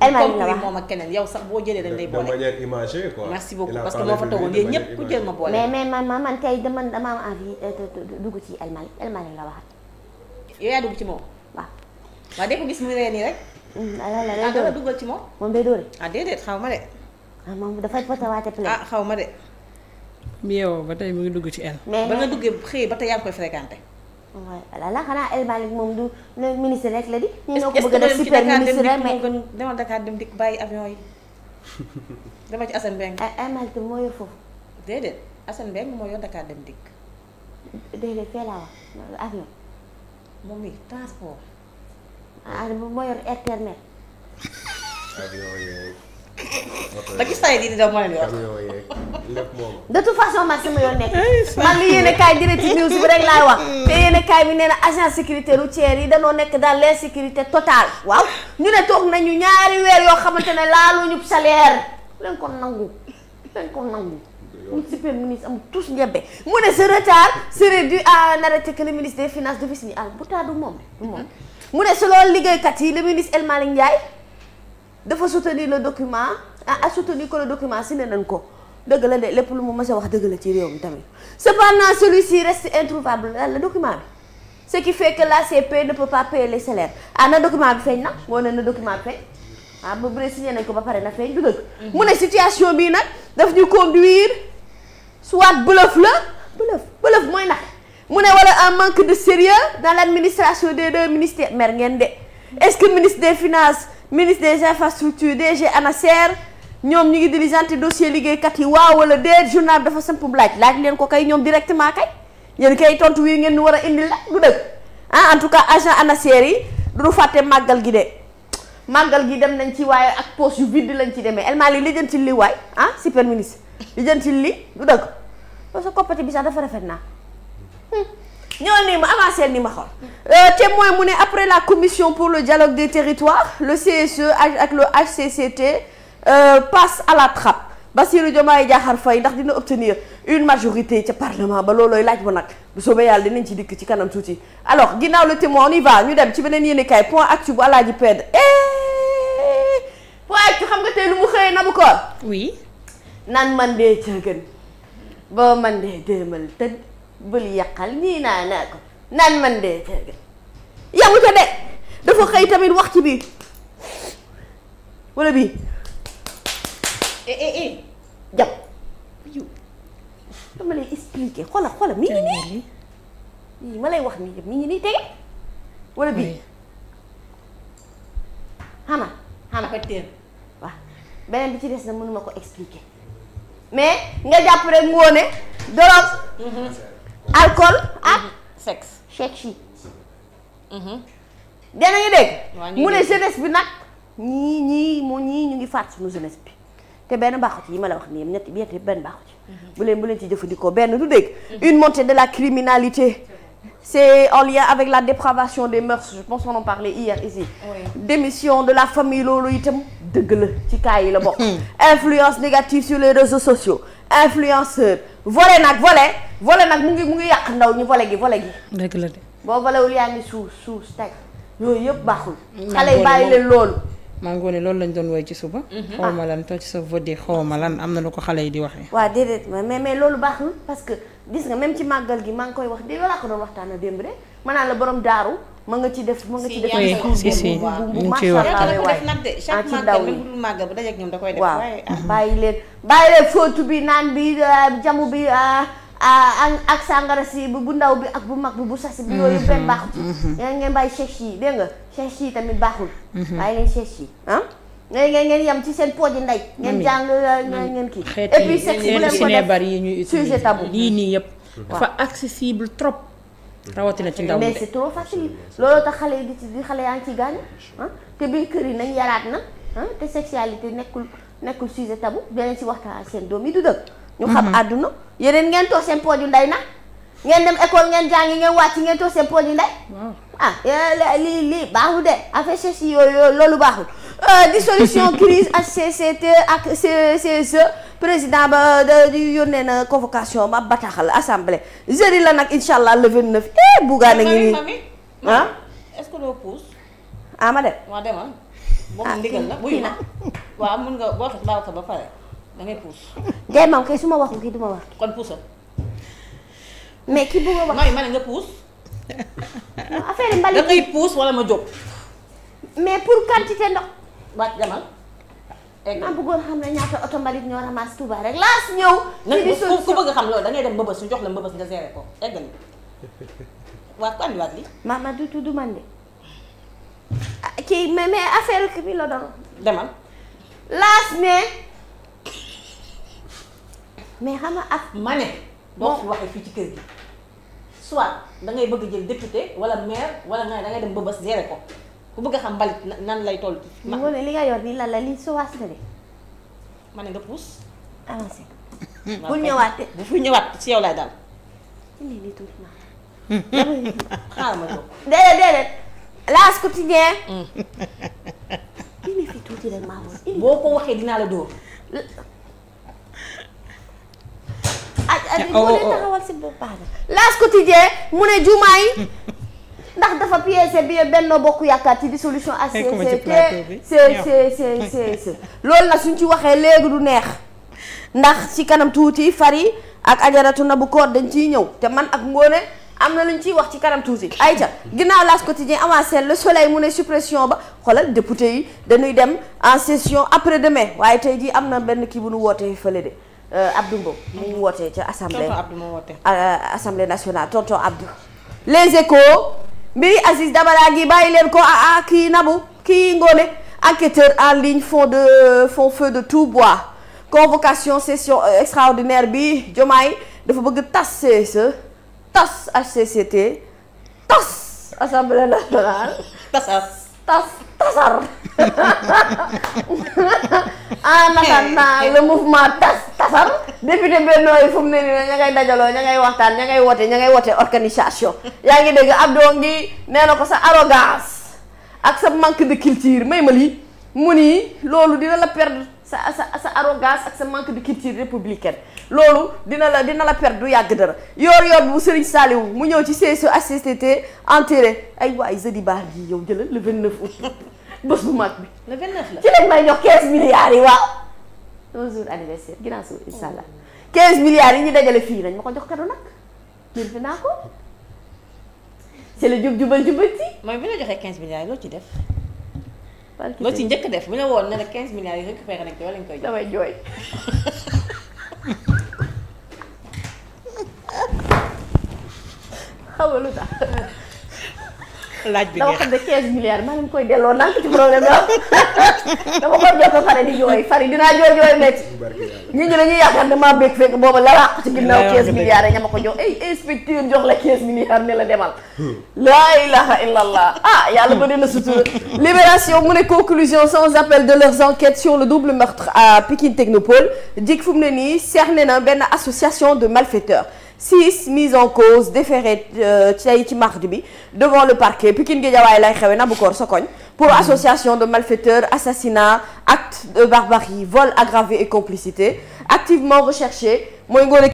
Elmarine moom ak keneen yow sax boo jëlee dañ boole de manière imagée quoi. merci beaucoup parce que moo fa toogoon yéen ñëpp ku jël ma boole. mais man man tey dama dama am envie euh, dugg ci Elmarine Elmarine la waxat. yow yaa dugg ci moom. waaw. waaw de ko gis muy ree nii rek. ala mm, la ah, duggal ci moom. moom day dóore. ah xaw ma de. ah moom dafay porté waate plainte. Ah, xaw ma de. yow ba tey mu ngi dugg ci el. ba nga duggee xëy ba tey yaa ngi koy fréquenté. waaw ah voilà la xanaa El Malick moom du le ministre rek la di. ñu ñoo ko bëgg a def super ministre rek mais demal Dakar dem dikk bàyyi avion dama ci Assane Mbengue. ay ah, El Malick moom mi transport. ah, ah moo yor air terre avion yeeg. ba gis saa yi daw moo leen yor. de toute façon man ma yoon nekk man li yéen a kaay direct news bi rek laay wax mm. te yéen a kaay bi nee na agent sécurité routière yi danoo nekk dans l'insécurité totale waaw ñu ne toog nañu ñaari weer yoo xamante ne laalu ñu salaire leen ko nangu leen ko nangu mu super ministre am tous njebe mu ne ce retard serait dû à un arrêté que le ministre des finances devait signer al bu taa moom du mu ne selon liggéeykat yi le ministre El dafa soutenir le document ah a soutenir que le document signé nañ ko dëgg la de lépp lu mu mës a wax dëgg la ci réew mi tamit cependant celui-ci reste introuvable lan la document bi ce qui fait que l'ACP ne peut pas payer les salaires ah na document bi feeñ na moo ne na document bi feeñ ah ba bu dee signé nañ ko ba pare na feeñ bi dëgg mhm. mu ne situation bii nag daf ñu conduire soit bluff la bluff bluff mooy nax mu ne wala un manque de sérieux dans l'administration des deux ministère mer ngeen de est-ce que ministre de finances ministre des infrastructures DG ANASER ñoom ñu ngi di diligente dossier kat yi waaw wala déet journal dafa simple laaj laaj leen ko kay ñoom directement kay yéen kay tontu wii ngeen nu war a indi la du dëgg ah en tout cas agent ANASER yi duñu fàtte màggal gi de màggal gi dem nañ ci waaye ak poste yu vide lañ ci demee elmaa li lijjantil li waay ah super ministre lijjantil li du dëgg parce que koppati bi sax dafa rafet naa hmm. ñoo nii ma avancé ni ma xool euh, témoin mu ne après la commission pour le dialogue des territoires le CSE ak le HCCT Euh, passe à la trappe Bassirou Diomaye Diakhar Faye ndax dina obtenir une majorité ca parlement ba loolooy laaj bu nag bu soobee yàlla dinañ ci dikk ci kanam tuuti alors ginnaaw la témoin on y va ñu dem ci beneen yéenekaay point actu bu Alaaji Pedd eh! point actu xam nga tey lu mu xëyee na mu ko oui naan man dee ca gën boo man dee déemal tëdd bul yàqal nii naa naa ko naan man dee ca gën yamu ca de dafa xëy tamit wax ci bii wala bii Eh, eh eh jàpp yow dama lay expliquer xoola xoola mi ngi nii ma lay wax nii yëpp mi ngi nii tege wala bii xanaa xanaa waaw beneen bi ci des na mënuma ko expliquer mais nga jàpp rek ngoone drogue mhm. alcool ak mhm. sexe sexe yi danañu mhm. dégg mu ne jeunesse bi nag ñii ñii mu ñu ngi faat suñu jeunesse bi te benn ba ci yi ma la wax nii ñetti ñetti benn baaxu ci mhm. bu leen bu leen ci jëfandikoo benn du dégg une montée de la criminalité c'est en lien avec la dépravation des mœurs je pense qu'on en parlait hier ici oui. démission de la famille loolu itam dëgg la ci cas yi la bokk mhm. influence négative sur les réseaux sociaux influenceur volé nag volé volé nag mu ngi mu ngi yàq ndaw ñi volé gi volé gi dëgg la de boo voléwul yaa ngi suuf suuf teg yooyu yëpp baaxul mm, xale yi bàyyi leen loolu maa loolu lañ doon woy ci suba. Mhm. xaw ma lan toj sa vote xaw ma lan am na lu ko xale yi di waxee. waaw déedéet mais mais loolu baax na parce que gis nga même ci màggal gi maa ngi koy wax de laa ko doon waxtaan a démb de ma naan la borom daaru ma nga ci def ma nga ci def. si si ñu ngi ciy wax chaque màggal bi bu màggal bu dajeeg ñoom da koy def. waaye ah. bàyyi leen bàyyi fóotu bi naan bi euh, jamu bi. Ah. Ah, ak sàngara si bu ndaw bi ak bu mag bu sas bi yooyu benn baaxul ngeen ngeen bàyyi chèche yi dégg nga yi tamit baaxul bàyyi leen chèche yi ah ngeen ngeen yem ci seen pooji ndey ngeen jàng ngeen kii et puis sexe bu leen ko def sujet tabou lii nii yëpp dafa accessible trop rawatina ci ndaw mais c'est trop facile looloo tax xale yi di ci di xale yaa ngi ci gaañu ah? te biir kër yi nañ yaraat na ah? te sexualité nekkul nekkul sujet tabou beneen si waxtaan ak seen doom yi du dëgg ñu xam mhm. àdduna yeneen ngeen toog seen pooju nday na ngeen dem école ngeen jàngi ngeen wàcc ngeen toog seen pooju nday ah eh, lii lii baaxul de affaire ceci yooyu loolu baaxul euh, dissolution crise HCCT ak CCE président ba yónnee na convocation ma bataaxal assemblée jeudi la nag incha allah le 29 eh Bougane a ngi nii ah est-ce que doo pousse ah ma dem waaw demal ah, boobu ndigal la buy na waaw mun nga ba pare da ngay puus. Ndiaye kay su ma waxul kii du ma wax. kon puusal. mais ki bëgg a wax nooy ma ne nga puus. affaire mbalit da puus wala ma jóg. mais pour quantité ndox. wàcc demal. maa bëggoon xam ne ñaata oto mbalit ñoo ramasse Touba dem mbëbës ñu jox la mbëbës nga géré ko eggali. waa ku andiwaat li du tudd man de. Ah, mais mais affaire bi la doon. demal. laas ne. mais xam nga ak ma ne boo fi waxee fii ci kër gi soit da ngay bëgg jël député wala maire wala nga ne da ngay dem bëbës gérer ko ku bëgg a xam mbalit nan lay toll ma ne li nga yor nii lan la li sowaas na de ma ne nga puus avancé hmm. bu ñëwaatee bu fi ñëwaat si yow lay daal lii lii tuuti naa xaaral ma toog hmm. boo ko waxee dinaa la dóor Habib moo oh, leen oh. taxawal si bopp baax na L'As Quotidien mu ne Diomaye ndax dafa piéger bi Benno Bokk Yaakaar ci dissolution ACCT CCCCC loolu nag suñ ci waxee léegi du neex ndax ci kanam tuuti far yi ak ajaratu na bu koor dañ ciy ñëw te man ak ngoone am na lu ñu ciy wax ci kanam tuuti ayca ginnaaw L'As Quotidien avancé le soleil mu ne suppression ba xoolal député yi dañuy dem en session après de demain waaye tey jii am na benn kii bu nu wootee fële de Euh, Abdou Mbow. mu mm. wootee ca assemblée tonton Abdou moo wootee. Euh, assemblée nationale tonton Abdou. les échos mbiri Aziz Dabala gi bàyyi leen ko ah, ah ki Nabou ki Ngone enquêteur en ligne fond de fond feu de tout bois convocation session euh, extraordinaire bi Diomaye dafa bëgg tas CSE tas HCCT tas assemblée nationale. tasas tas tasar en attendant le mouvement tas. député Benno yi fu mu ne nii ña ngay dajaloo ña ngay waxtaan ña ngay woote ña ngay woote organisation yaa ngi am doo ngi nee na ko sa arrogance ak sa manque de culture may ma lii mu nii loolu dina la per sa sa sa arrogance ak sa manque de culture républicaine loolu dina la dina la per du yàgg dara yoor yoor bu Serigne Saliou mu ñëw ci CSO e HCCT enterré ay waay jeudi baar gi yow jëlal le 29 août bés bu mag bi. le 29 la ci lañ may jox 15 sama jour anniversaire ginnaaw suba incha allah 15 milliards yi ñu dajale fii nañ ma ko jox kado nag mbir fi naa ko c'est le jub jubal jubanti. mooy bi la joxee 15 milliards loo ci def. loo ci njëkk def bu la woon ne la 15 milliards yi récupéré nañ ko wala ñu koy jox. damay jooy. xaw laaj bi dama xam ne 15 milliards maa ngi koy delloo nank ci problème bi dama koy jot a fare di jooy fari dinaa jooy jooy métti ñi ñi dañuy yaakaar ne maa bëgg fekk booba la làq ci ginnaaw 15 milliards yi ña ma ko jox ay eh, inspecteur jox la 15 milliards ne la demal laa ilaha illallah ah yàlla ba dina sutura libération mu ne conclusion sans appel de leurs enquêtes sur le double meurtre à Pikine Technopole jik fu mu ne nii cerné na benn association de malfaiteurs six mise en cause déféré tey euh, ci mardi bi devant le parquet Pikine Guédiawaye lay xewe Nabucor Sokoñ pour association de malfaiteurs assassinat acte de barbarie vol aggravé et complicité activement recherché mooy ngoone